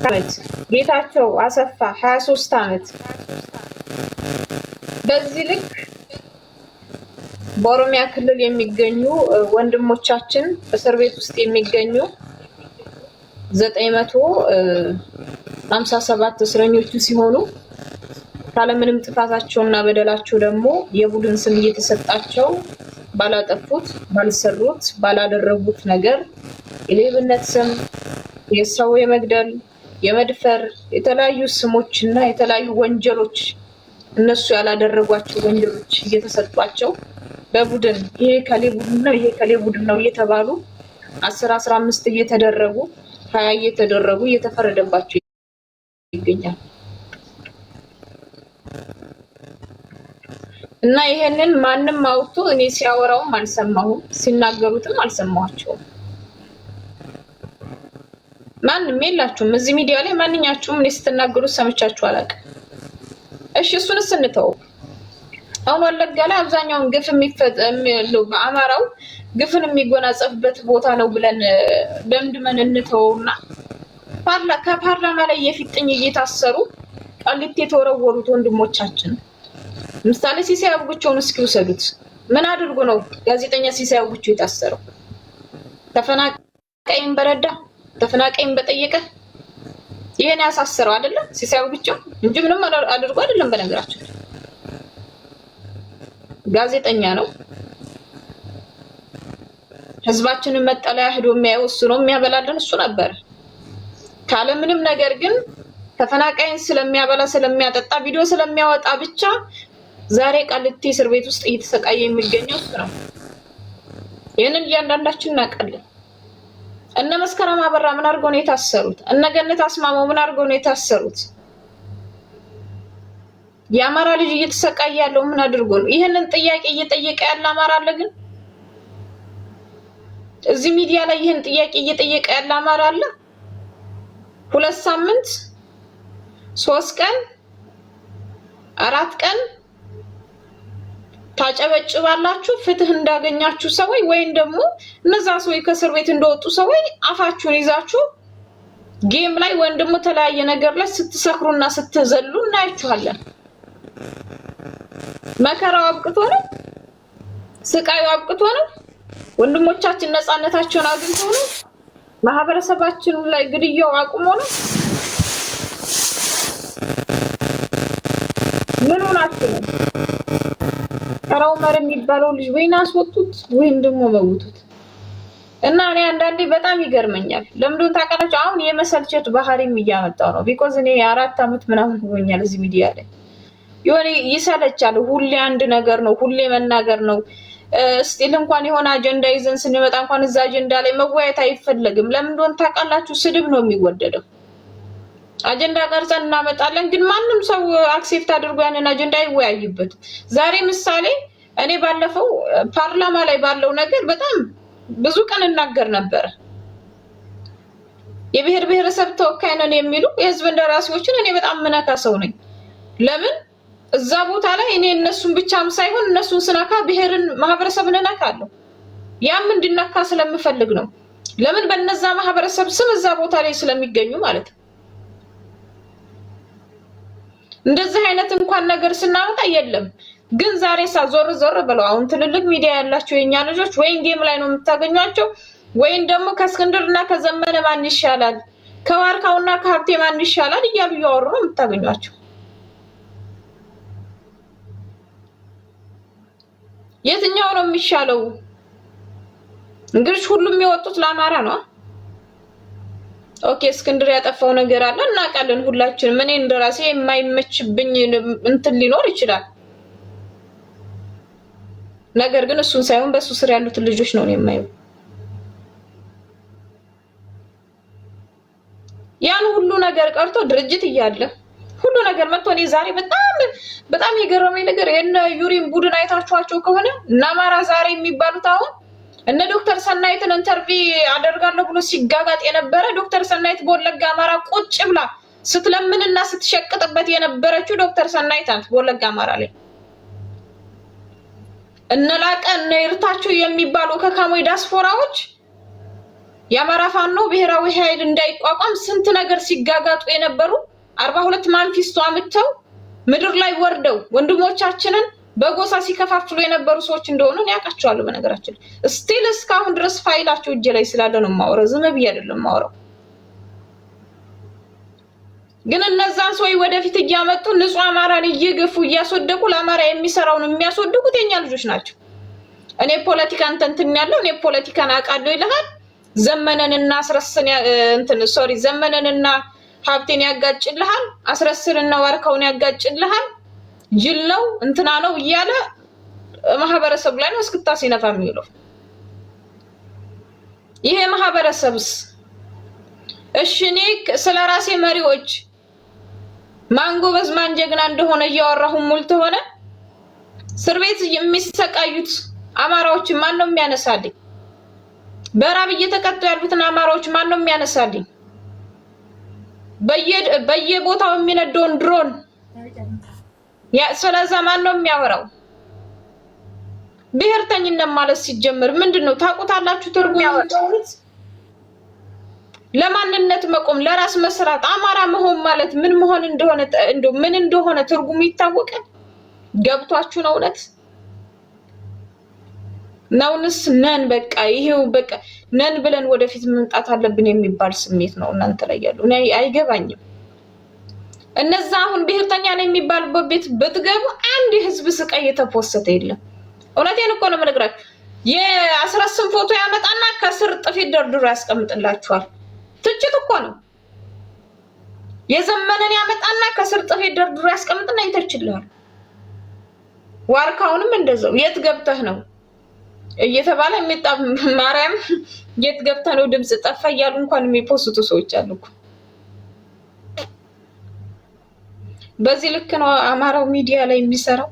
ዓመት ጌታቸው አሰፋ 23 ዓመት። በዚህ ልክ በኦሮሚያ ክልል የሚገኙ ወንድሞቻችን እስር ቤት ውስጥ የሚገኙ 957 እስረኞቹ ሲሆኑ ካለምንም ጥፋታቸውና በደላቸው ደግሞ የቡድን ስም እየተሰጣቸው ባላጠፉት፣ ባልሰሩት፣ ባላደረጉት ነገር የሌብነት ስም የሰው የመግደል የመድፈር የተለያዩ ስሞች እና የተለያዩ ወንጀሎች እነሱ ያላደረጓቸው ወንጀሎች እየተሰጧቸው በቡድን ይሄ ከሌ ቡድን ነው ይሄ ከሌ ቡድን ነው እየተባሉ አስር አስራ አምስት እየተደረጉ ሀያ እየተደረጉ እየተፈረደባቸው ይገኛል እና ይሄንን ማንም አውጥቶ እኔ ሲያወራውም አልሰማሁም፣ ሲናገሩትም አልሰማቸውም። ማንም የላችሁም። እዚህ ሚዲያ ላይ ማንኛችሁም እኔ ስትናገሩ ሰምቻችሁ አላውቅም። እሺ እሱን ስንተው አሁን ወለጋ ላይ አብዛኛውን ግፍ የሚፈጸምለው በአማራው ግፍን የሚጎናጸፍበት ቦታ ነው ብለን ደምድመን እንተውና ከፓርላማ ላይ የፊጥኝ እየታሰሩ ቃሊቲ የተወረወሩት ወንድሞቻችን ምሳሌ ሲሳይ አብጎቸውን እስኪ ውሰዱት። ምን አድርጎ ነው ጋዜጠኛ ሲሳይ አብጎቸው የታሰረው? ተፈናቃይን በረዳ ተፈናቃይም በጠየቀ ይሄን ያሳሰረው አይደለ ሲሳዩ ብቻ እንጂ ምንም አድርጎ አይደለም። በነገራችን ጋዜጠኛ ነው። ህዝባችንን መጠለያ ሄዶ የሚያየው እሱ ነው። የሚያበላልን እሱ ነበር። ካለምንም ነገር ግን ተፈናቃይን ስለሚያበላ ስለሚያጠጣ ቪዲዮ ስለሚያወጣ ብቻ ዛሬ ቃሊቲ እስር ቤት ውስጥ እየተሰቃየ የሚገኘው እሱ ነው። ይህንን እያንዳንዳችን እናውቃለን። እነ መስከረም አበራ ምን አድርገው ነው የታሰሩት? እነ ገነት አስማማው ምን አድርገው ነው የታሰሩት? የአማራ ልጅ እየተሰቃየ ያለው ምን አድርጎ ነው? ይህንን ጥያቄ እየጠየቀ ያለ አማራ አለ? ግን እዚህ ሚዲያ ላይ ይህን ጥያቄ እየጠየቀ ያለ አማራ አለ? ሁለት ሳምንት ሶስት ቀን አራት ቀን ታጨበጭባላችሁ ፍትህ እንዳገኛችሁ ሰዎች ወይም ደግሞ እነዛ ሰዎች ከእስር ቤት እንደወጡ ሰዎች አፋችሁን ይዛችሁ ጌም ላይ ወይም ደግሞ ተለያየ ነገር ላይ ስትሰክሩና ስትዘሉ እናያችኋለን። መከራው አብቅቶ ነው፣ ስቃዩ አብቅቶ ነው፣ ወንድሞቻችን ነፃነታቸውን አግኝቶ ነው፣ ማህበረሰባችን ላይ ግድያው አቁሞ ነው። ምን ሆናችሁ ነው? ኦመር የሚባለው ልጅ ወይን አስወጡት ወይም ደግሞ መውቱት እና እኔ አንዳንዴ በጣም ይገርመኛል። ለምንድን ታውቃላችሁ? አሁን የመሰልቸት ባህሪም እያመጣው ነው። ቢኮዝ እኔ አራት አመት ምናምን ሆኛል እዚህ ሚዲያ ላይ የሆነ ይሰለቻል። ሁሌ አንድ ነገር ነው፣ ሁሌ መናገር ነው። ስቲል እንኳን የሆነ አጀንዳ ይዘን ስንመጣ እንኳን እዛ አጀንዳ ላይ መወያየት አይፈለግም። ለምንድን ታውቃላችሁ? ስድብ ነው የሚወደደው። አጀንዳ ቀርጸን እናመጣለን፣ ግን ማንም ሰው አክሴፕት አድርጎ ያንን አጀንዳ አይወያይበትም። ዛሬ ምሳሌ እኔ ባለፈው ፓርላማ ላይ ባለው ነገር በጣም ብዙ ቀን እናገር ነበረ። የብሔር ብሔረሰብ ተወካይ ነን የሚሉ የህዝብ እንደራሴዎችን እኔ በጣም ምነካ ሰው ነኝ። ለምን እዛ ቦታ ላይ እኔ እነሱን ብቻም ሳይሆን እነሱን ስናካ ብሔርን፣ ማህበረሰብን እነካለሁ። ያም እንዲነካ ስለምፈልግ ነው። ለምን በነዛ ማህበረሰብ ስም እዛ ቦታ ላይ ስለሚገኙ ማለት ነው። እንደዚህ አይነት እንኳን ነገር ስናወጣ የለም ግን ዛሬ ሳዞር ዞር ብለው አሁን ትልልቅ ሚዲያ ያላቸው የኛ ልጆች ወይም ጌም ላይ ነው የምታገኟቸው ወይም ደግሞ ከእስክንድር እና ከዘመነ ማን ይሻላል እና ከሀብቴ ማን ይሻላል እያሉ እያወሩ ነው የምታገኟቸው። የትኛው ነው የሚሻለው? እንግዲህ ሁሉም የወጡት ለአማራ ነው። ኦኬ እስክንድር ያጠፋው ነገር አለ እናውቃለን ሁላችንም። እኔ እንደራሴ የማይመችብኝ እንትን ሊኖር ይችላል ነገር ግን እሱን ሳይሆን በእሱ ስር ያሉትን ልጆች ነው የማየው። ያን ሁሉ ነገር ቀርቶ ድርጅት እያለ ሁሉ ነገር መጥቶ እኔ ዛሬ በጣም በጣም የገረመኝ ነገር የነ ዩሪን ቡድን አይታችኋቸው ከሆነ እነ አማራ ዛሬ የሚባሉት አሁን እነ ዶክተር ሰናይትን ኢንተርቪ አደርጋለሁ ብሎ ሲጋጋጥ የነበረ ዶክተር ሰናይት በወለጋ አማራ ቁጭ ብላ ስትለምንና ስትሸቅጥበት የነበረችው ዶክተር ሰናይት ናት በወለጋ አማራ ላይ እነላቀ እነ ይርታችሁ የሚባሉ ከካሞይ ዳስፖራዎች የአማራ ፋኖ ብሔራዊ ኃይል እንዳይቋቋም ስንት ነገር ሲጋጋጡ የነበሩ አርባ ሁለት ማንፊስቶ አምተው ምድር ላይ ወርደው ወንድሞቻችንን በጎሳ ሲከፋፍሉ የነበሩ ሰዎች እንደሆኑ ያውቃቸዋለሁ። በነገራችን ስቲል እስካሁን ድረስ ፋይላቸው እጄ ላይ ስላለ ነው የማወራው። ዝም ብዬ አይደለም የማወራው። ግን እነዛን ሰው ወደፊት እያመጡ ንጹህ አማራን እየገፉ እያስወደቁ ለአማራ የሚሰራውን የሚያስወድቁት የኛ ልጆች ናቸው። እኔ ፖለቲካ እንትን ያለው እኔ ፖለቲካን አውቃለሁ ይልሃል። ዘመነንና አስረስን እንትን ሶሪ ዘመነንና ሀብቴን ያጋጭልሃል። አስረስንና ዋርካውን ያጋጭልሃል። ጅል ነው እንትና ነው እያለ ማህበረሰቡ ላይ ነው እስክታ ሲነፋ የሚውለው። ይሄ ማህበረሰብስ እሺ ስለ ራሴ መሪዎች ማን ጎበዝ ማን ጀግና እንደሆነ እያወራሁ ሙል ተሆነ እስር ቤት የሚሰቃዩት አማራዎችን ማን ነው የሚያነሳልኝ? በራብ እየተቀጡ ያሉትን አማራዎች ማን ነው የሚያነሳልኝ? በየቦታው የሚነደውን ድሮን ስለዛ ማን ነው የሚያወራው? ብሔርተኝነት ማለት ሲጀምር ምንድን ነው ታውቁታላችሁ? ትርጉም ለማንነት መቆም ለራስ መስራት አማራ መሆን ማለት ምን መሆን እንደሆነ ምን እንደሆነ ትርጉሙ ይታወቃል። ገብቷችሁ ነው? እውነት ነውንስ ነን በቃ ይሄው በቃ ነን ብለን ወደፊት መምጣት አለብን የሚባል ስሜት ነው እናንተ ላይ ያሉ። እኔ አይገባኝም። እነዛ አሁን ብሔርተኛ ነው የሚባልበት ቤት ብትገቡ አንድ የህዝብ ስቃይ የተፖሰተ የለም። እውነቴን እኮ ነው የምነግራችሁ። የአስራ ፎቶ ያመጣና ከስር ጥፊት ደርድሮ ያስቀምጥላችኋል። ድርጅት እኮ ነው። የዘመነን ያመጣና ከስር ጥፌ ደርድሮ ያስቀምጥና ይተችልሃል። ዋርካውንም እንደዛው የት ገብተህ ነው እየተባለ የሚጣ ማርያም የት ገብተህ ነው ድምፅ ጠፋ እያሉ እንኳን የሚፖስቱ ሰዎች አሉ እኮ። በዚህ ልክ ነው አማራው ሚዲያ ላይ የሚሰራው።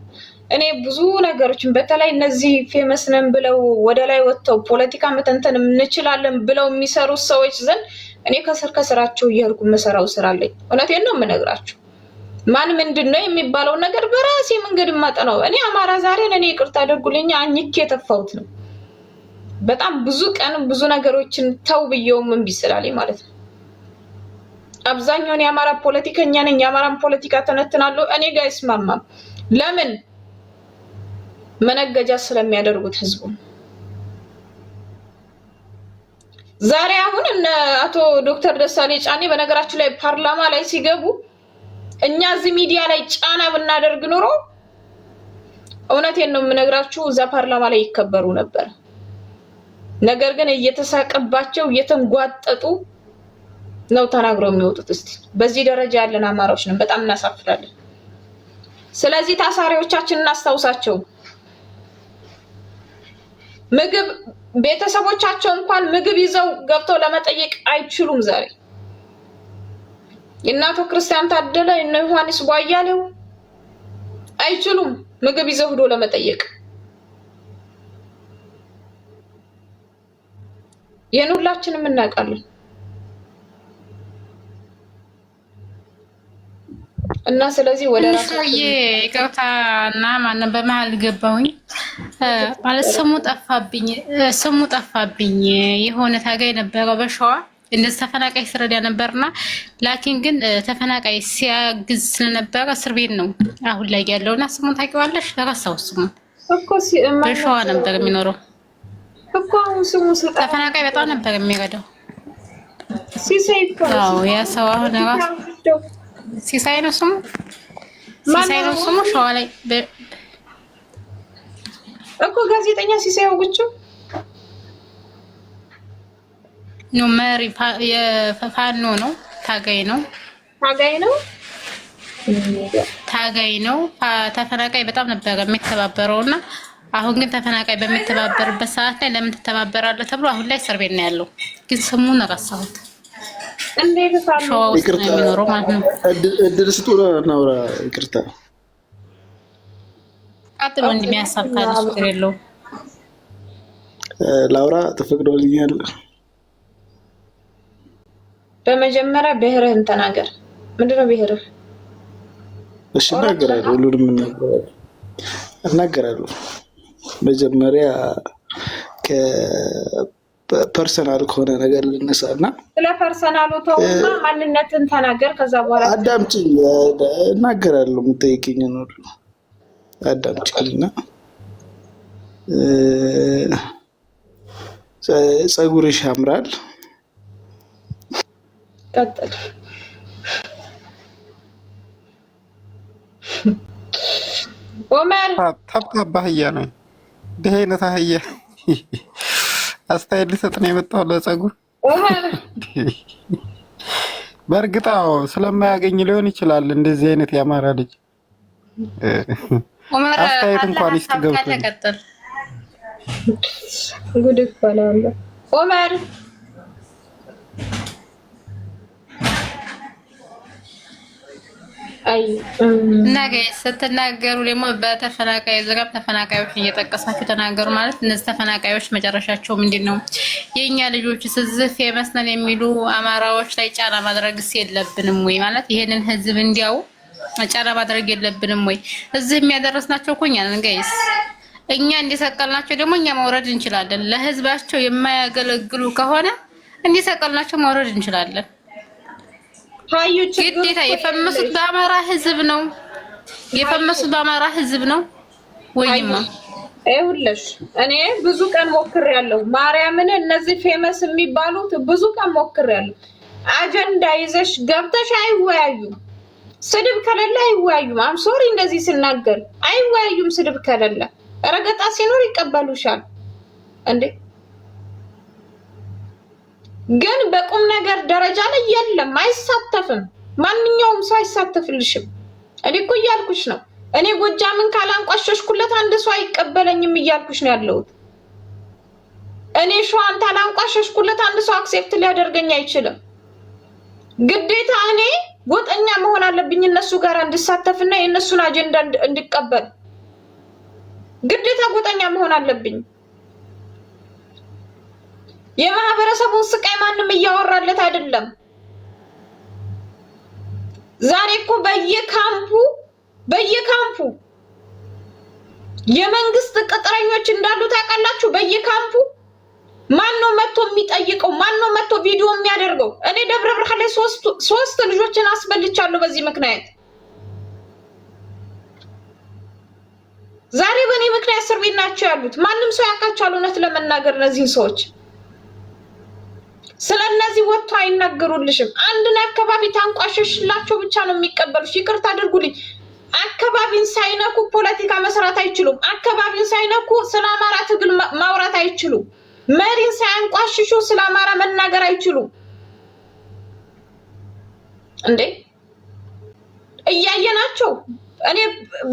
እኔ ብዙ ነገሮችን በተለይ እነዚህ ፌመስ ነን ብለው ወደ ላይ ወጥተው ፖለቲካ መተንተን እንችላለን ብለው የሚሰሩት ሰዎች ዘንድ እኔ ከስር ከስራቸው እያልኩ መሰራው ስራ አለኝ። እውነቴን ነው የምነግራችሁ። ማን ምንድን ነው የሚባለው ነገር በራሴ መንገድ ነው። እኔ አማራ ዛሬን እኔ ይቅርታ አድርጉልኝ አኝኬ የተፋሁት ነው። በጣም ብዙ ቀን ብዙ ነገሮችን ተው ብየውም እምቢ ስላለኝ ማለት ነው። አብዛኛውን የአማራ ፖለቲከኛ ነኝ፣ የአማራን ፖለቲካ ተነትናለሁ። እኔ ጋር አይስማማም። ለምን መነገጃ ስለሚያደርጉት ህዝቡ ዛሬ አሁን እነ አቶ ዶክተር ደሳሌ ጫኔ በነገራችን ላይ ፓርላማ ላይ ሲገቡ እኛ እዚህ ሚዲያ ላይ ጫና ብናደርግ ኑሮ እውነቴን ነው የምነግራችሁ እዛ ፓርላማ ላይ ይከበሩ ነበር። ነገር ግን እየተሳቀባቸው እየተንጓጠጡ ነው ተናግረው የሚወጡት። እስቲ በዚህ ደረጃ ያለን አማራዎች ነው በጣም እናሳፍራለን። ስለዚህ ታሳሪዎቻችን እናስታውሳቸው። ምግብ ቤተሰቦቻቸው እንኳን ምግብ ይዘው ገብተው ለመጠየቅ አይችሉም። ዛሬ የእናቶ ክርስቲያን ታደለ የነ ዮሐንስ ቧያሌው አይችሉም ምግብ ይዘው ሂዶ ለመጠየቅ ይህን ሁላችንም እናውቃለን። እና ስለዚህ ወደ ራሱ ገብታ እና ማንም በመሀል ገባውኝ ማለት ስሙ ጠፋብኝ፣ ስሙ ጠፋብኝ። የሆነ ታጋይ ነበረው በሸዋ እንደዚህ ተፈናቃይ ስረዳ ነበርና ላኪን ግን ተፈናቃይ ሲያግዝ ስለነበረ እስር ቤት ነው አሁን ላይ ያለውና ስሙን ታውቂዋለሽ? ረሳው ስሙን በሸዋ ነበር የሚኖረው ተፈናቃይ በጣም ነበር የሚረዳው። አዎ ያ ሰው አሁን ራሱ ሲሳይ ነው ስሙ፣ ሲሳይ ነው ስሙ ሸዋ ላይ እኮ ጋዜጠኛ ሲሳይ አውግቹ ነው መሪ የፋኖ ነው። ታጋይ ነው። ታጋይ ነው። ታጋይ ነው። ተፈናቃይ በጣም ነበረ የሚተባበረው እና አሁን ግን ተፈናቃይ በሚተባበርበት ሰዓት ላይ ለምን ትተባበራለህ ተብሎ አሁን ላይ እስር ቤት ነው ያለው። ግን ስሙን ረሳሁት። እንዴት ነው የሚኖረው ማለት ነው። እድል ስጡ ነው። ይቅርታ ቀጥል ወንድሜ፣ ሀሳብ ችግር የለውም። ላውራ ተፈቅዶልኛል። በመጀመሪያ ብሔርህን ተናገር። ምንድነው ብሔርህ? እሺ እናገራለሁ፣ ሁሉንም እናገራለሁ። መጀመሪያ ከሆነ ነገር ልነሳ እና ስለ ፐርሰናሉ ተውና ማንነትን ተናገር። ከዛ በኋላ አዳምጪኝ፣ እናገራለሁ የምጠይቅኝን ሁሉ አዳምጪኝና ጸጉርሽ ያምራል። ቀጥል። ኦመር ታብታባ አህያ ነው። እንዲህ አይነት አህያ አስተያየት ሊሰጥ ነው የመጣው ለጸጉር። በእርግጥ ስለማያገኝ ሊሆን ይችላል እንደዚህ አይነት ያማረ ልጅ አስተያየት እንኳን ይስጥ ገብቶ ጉድ ኦመር ነገ ስትናገሩ ደግሞ በተፈናቃይ ዙሪያ ተፈናቃዮች እየጠቀሳችሁ ተናገሩ። ማለት እነዚህ ተፈናቃዮች መጨረሻቸው ምንድን ነው? የእኛ ልጆች የሚሉ አማራዎች ላይ ጫና ማድረግስ የለብንም ወይ? ማለት ይሄንን ህዝብ እንዲያው መጫራ ማድረግ የለብንም ወይ? እዚህ የሚያደረስናቸው እኮ እኛ ነን ጋይስ። እኛ እንዲሰቀልናቸው ደግሞ እኛ መውረድ እንችላለን። ለህዝባቸው የማያገለግሉ ከሆነ እንዲሰቀልናቸው መውረድ እንችላለን። ግዴታ የፈመሱት በአማራ ህዝብ ነው። የፈመሱት በአማራ ህዝብ ነው ወይማ ይኸውልሽ እኔ ብዙ ቀን ሞክሬያለሁ። ማርያምን እነዚህ ፌመስ የሚባሉት ብዙ ቀን ሞክሬያለሁ። አጀንዳ ይዘሽ ገብተሽ አይወያዩ ስድብ ከሌለ አይወያዩም። አም ሶሪ እንደዚህ ስናገር አይወያዩም። ስድብ ከሌለ ረገጣ ሲኖር ይቀበሉሻል እንዴ? ግን በቁም ነገር ደረጃ ላይ የለም፣ አይሳተፍም። ማንኛውም ሰው አይሳተፍልሽም። እኔ እኮ እያልኩሽ ነው። እኔ ጎጃምን ካላንቋሸሽኩለት አንድ ሰው አይቀበለኝም እያልኩሽ ነው ያለሁት። እኔ ሸዋን ካላንቋሸሽኩለት አንድ ሰው አክሴፕት ሊያደርገኝ አይችልም። ግዴታ እኔ ጎጠኛ መሆን አለብኝ እነሱ ጋር እንድሳተፍና የእነሱን አጀንዳ እንድቀበል ግዴታ ጎጠኛ መሆን አለብኝ። የማህበረሰቡን ስቃይ ማንም እያወራለት አይደለም። ዛሬ እኮ በየካምፑ በየካምፑ የመንግስት ቅጥረኞች እንዳሉ ታውቃላችሁ። በየካምፑ ማን ነው መጥቶ የሚጠይቀው? ማን ነው መጥቶ ቪዲዮ የሚያደርገው? እኔ ደብረ ብርሃን ላይ ሶስት ልጆችን አስበልቻለሁ በዚህ ምክንያት። ዛሬ በእኔ ምክንያት እስር ቤት ናቸው ያሉት። ማንም ሰው ያውቃቸዋል። እውነት ለመናገር እነዚህን ሰዎች ስለ እነዚህ ወጥቶ አይናገሩልሽም። አንድን አካባቢ ታንቋሸሽላቸው ብቻ ነው የሚቀበሉሽ። ይቅርታ አድርጉልኝ። አካባቢን ሳይነኩ ፖለቲካ መስራት አይችሉም። አካባቢን ሳይነኩ ስለ አማራ ትግል ማውራት አይችሉም። መሪን ሳያንቋሽሹ ስለ አማራ መናገር አይችሉም እንዴ? እያየናቸው እኔ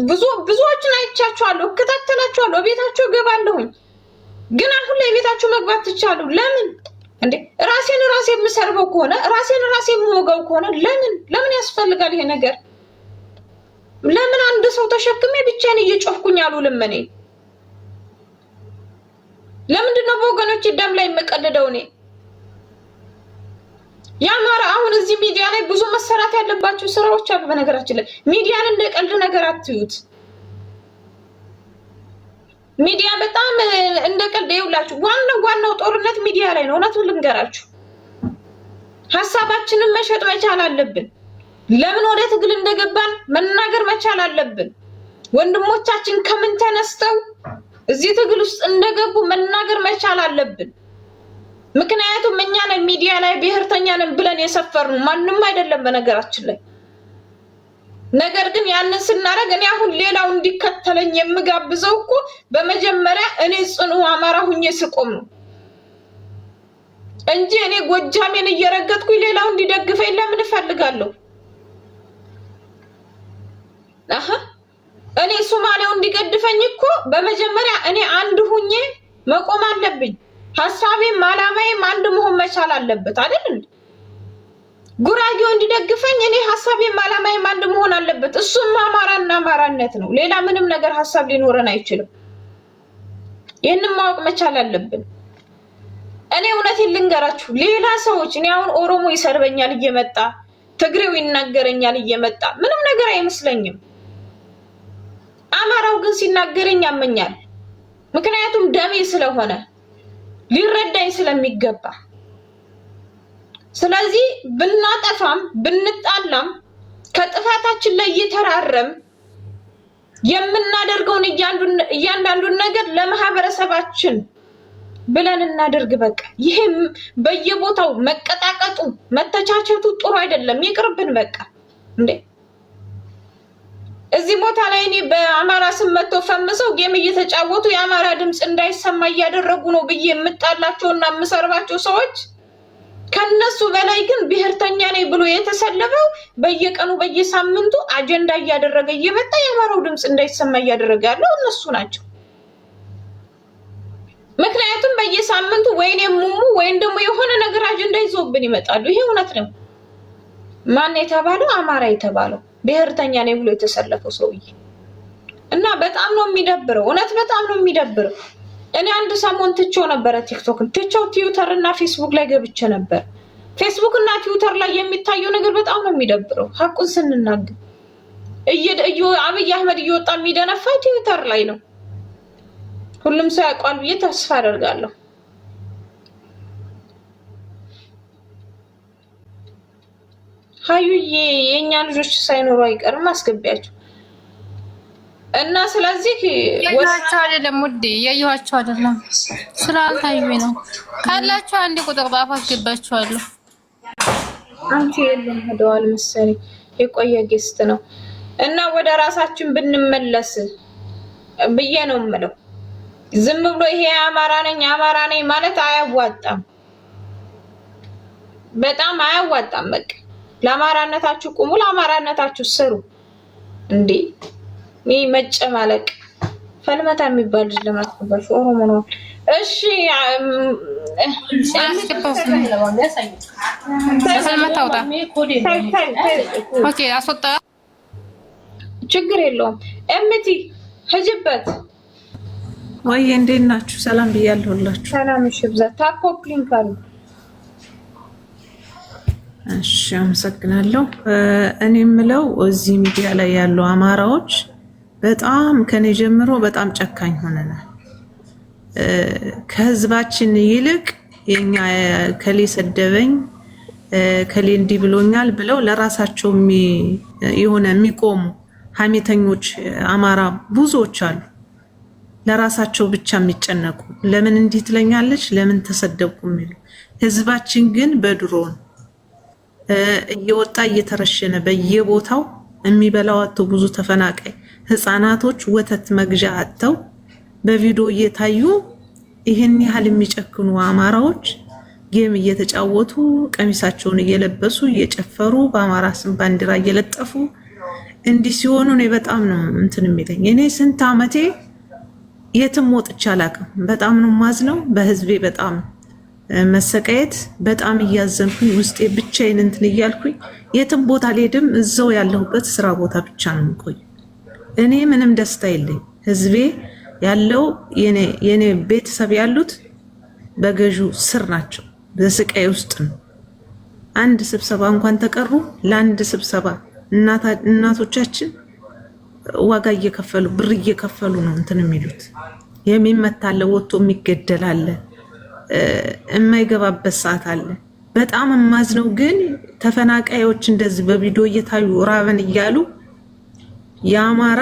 ብዙ ብዙዎችን አይቻችኋለሁ፣ እከታተላችኋለሁ፣ ቤታቸው እገባለሁኝ። ግን አሁን ላይ ቤታቸው መግባት ትቻሉ። ለምን እንዴ? ራሴን ራሴ የምሰርበው ከሆነ ራሴን ራሴ የምወጋው ከሆነ ለምን ለምን ያስፈልጋል ይሄ ነገር? ለምን አንድ ሰው ተሸክሜ ብቻዬን እየጮፍኩኝ አልውልም እኔ? ለምንድን ነው በወገኖች ደም ላይ የምቀልደው? እኔ የአማራ አሁን እዚህ ሚዲያ ላይ ብዙ መሰራት ያለባቸው ስራዎች አሉ። በነገራችን ላይ ሚዲያን እንደ ቀልድ ነገር አትዩት። ሚዲያ በጣም እንደ ቀልድ ይውላችሁ። ዋናው ዋናው ጦርነት ሚዲያ ላይ ነው። እውነቱን ልንገራችሁ፣ ሀሳባችንን መሸጥ መቻል አለብን። ለምን ወደ ትግል እንደገባን መናገር መቻል አለብን። ወንድሞቻችን ከምን ተነስተው እዚህ ትግል ውስጥ እንደገቡ መናገር መቻል አለብን። ምክንያቱም እኛ ነን ሚዲያ ላይ ብሔርተኛ ነን ብለን የሰፈርን ማንም አይደለም በነገራችን ላይ። ነገር ግን ያንን ስናደርግ እኔ አሁን ሌላው እንዲከተለኝ የምጋብዘው እኮ በመጀመሪያ እኔ ጽኑ አማራ ሁኜ ስቆም ነው እንጂ እኔ ጎጃሜን እየረገጥኩኝ ሌላው እንዲደግፈኝ ለምን እፈልጋለሁ? እኔ ሱማሌው እንዲገድፈኝ እኮ በመጀመሪያ እኔ አንድ ሁኜ መቆም አለብኝ። ሀሳቤም አላማዬም አንድ መሆን መቻል አለበት አይደል? ጉራጌው እንዲደግፈኝ እኔ ሀሳቤም አላማዬም አንድ መሆን አለበት። እሱም አማራና አማራነት ነው። ሌላ ምንም ነገር ሀሳብ ሊኖረን አይችልም። ይህንም ማወቅ መቻል አለብን። እኔ እውነቴን ልንገራችሁ፣ ሌላ ሰዎች እኔ አሁን ኦሮሞ ይሰርበኛል እየመጣ ትግሬው ይናገረኛል እየመጣ ምንም ነገር አይመስለኝም። አማራው ግን ሲናገረኝ ያመኛል። ምክንያቱም ደሜ ስለሆነ ሊረዳኝ ስለሚገባ። ስለዚህ ብናጠፋም ብንጣላም ከጥፋታችን ላይ እየተራረም የምናደርገውን እያንዳንዱን ነገር ለማህበረሰባችን ብለን እናደርግ። በቃ ይህም በየቦታው መቀጣቀጡ መተቻቸቱ ጥሩ አይደለም፣ ይቅርብን በቃ እንዴ። እዚህ ቦታ ላይ እኔ በአማራ ስም መጥቶ ፈምሰው ጌም እየተጫወቱ የአማራ ድምፅ እንዳይሰማ እያደረጉ ነው ብዬ የምጣላቸውና የምሰርባቸው ሰዎች ከነሱ በላይ ግን ብሔርተኛ ነኝ ብሎ የተሰለፈው በየቀኑ በየሳምንቱ አጀንዳ እያደረገ እየመጣ የአማራው ድምፅ እንዳይሰማ እያደረገ ያለው እነሱ ናቸው። ምክንያቱም በየሳምንቱ ወይን የሙሙ ወይም ደግሞ የሆነ ነገር አጀንዳ ይዘውብን ይመጣሉ። ይሄ እውነት ነው። ማን የተባለው አማራ የተባለው ብሔርተኛ ነኝ ብሎ የተሰለፈው ሰውዬ እና በጣም ነው የሚደብረው። እውነት በጣም ነው የሚደብረው። እኔ አንድ ሰሞን ትቼው ነበረ ቲክቶክን፣ ትቼው ትዊተር እና ፌስቡክ ላይ ገብቼ ነበር። ፌስቡክ እና ትዊተር ላይ የሚታየው ነገር በጣም ነው የሚደብረው። ሀቁን ስንናገር አብይ አህመድ እየወጣ የሚደነፋ ትዊተር ላይ ነው። ሁሉም ሰው ያውቋል ብዬ ተስፋ አደርጋለሁ። ሀዩዬ የእኛ ልጆች ሳይኖሩ አይቀርም አስገቢያቸው እና ስለዚህ ያዩዋቸው አይደለም ውዴ፣ ያዩዋቸው አይደለም ስላልታዩ ነው። ካላችሁ አንድ ቁጥር ጣፋ አስገባችኋለሁ። አንቺ የለም ሄደዋል መሰለኝ የቆየ ጌስት ነው እና ወደ ራሳችን ብንመለስ ብዬ ነው የምለው። ዝም ብሎ ይሄ አማራ ነኝ አማራ ነኝ ማለት አያዋጣም፣ በጣም አያዋጣም በቃ ለአማራነታችሁ ቁሙ፣ ለአማራነታችሁ ስሩ። እንዴ ይህ መጨማለቅ ፈልመታ የሚባል ልጅ ለማስገባት ኦሮሞ ነው። እሺ አስወጣ፣ ችግር የለውም። እምቲ ህጅበት ወይ እንዴት ናችሁ? ሰላም ብያለሁላችሁ። ሰላም እሺ። ብዛት ታኮ አሉ እሺ አመሰግናለሁ። እኔ የምለው እዚህ ሚዲያ ላይ ያሉ አማራዎች በጣም ከኔ ጀምሮ በጣም ጨካኝ ሆነናል። ከህዝባችን ይልቅ የኛ ከሌ ሰደበኝ ከሌ እንዲህ ብሎኛል ብለው ለራሳቸው የሆነ የሚቆሙ ሀሜተኞች አማራ ብዙዎች አሉ። ለራሳቸው ብቻ የሚጨነቁ ለምን እንዲህ ትለኛለች፣ ለምን ተሰደብኩ የሚሉ ህዝባችን ግን በድሮን እየወጣ እየተረሸነ በየቦታው የሚበላው አቶ ብዙ ተፈናቃይ ህፃናቶች ወተት መግዣ አጥተው በቪዲዮ እየታዩ ይህን ያህል የሚጨክኑ አማራዎች ጌም እየተጫወቱ ቀሚሳቸውን እየለበሱ እየጨፈሩ በአማራ ስም ባንዲራ እየለጠፉ እንዲህ ሲሆኑ እኔ በጣም ነው እንትን የሚለኝ። እኔ ስንት ዓመቴ የትም ወጥቼ አላውቅም። በጣም ነው ማዝነው በህዝቤ በጣም መሰቃየት በጣም እያዘንኩኝ ውስጤ ብቻዬን እንትን እያልኩኝ የትም ቦታ አልሄድም። እዛው ያለሁበት ስራ ቦታ ብቻ ነው የምቆይ። እኔ ምንም ደስታ የለኝ። ህዝቤ ያለው የኔ ቤተሰብ ያሉት በገዢው ስር ናቸው። በስቃይ ውስጥ ነው። አንድ ስብሰባ እንኳን ተቀሩ ለአንድ ስብሰባ እናቶቻችን ዋጋ እየከፈሉ ብር እየከፈሉ ነው እንትን የሚሉት የሚመታለ ወጥቶ የሚገደላለ የማይገባበት ሰዓት አለ። በጣም የማዝነው ግን ተፈናቃዮች እንደዚህ በቪዲዮ እየታዩ ራበን እያሉ የአማራ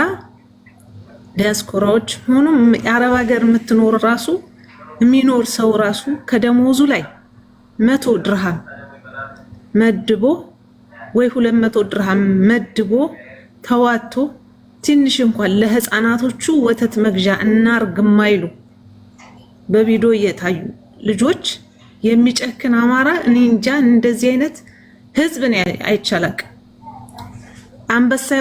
ዲያስፖራዎች ሆኖም የአረብ ሀገር የምትኖር ራሱ የሚኖር ሰው ራሱ ከደሞዙ ላይ መቶ ድርሃም መድቦ ወይ ሁለት መቶ ድርሃም መድቦ ተዋቶ ትንሽ እንኳን ለህፃናቶቹ ወተት መግዣ እናርግ ማይሉ በቪዲዮ እየታዩ ልጆች የሚጨክን አማራ እኔ እንጃ። እንደዚህ አይነት ህዝብን አይቻላቅ አንበሳ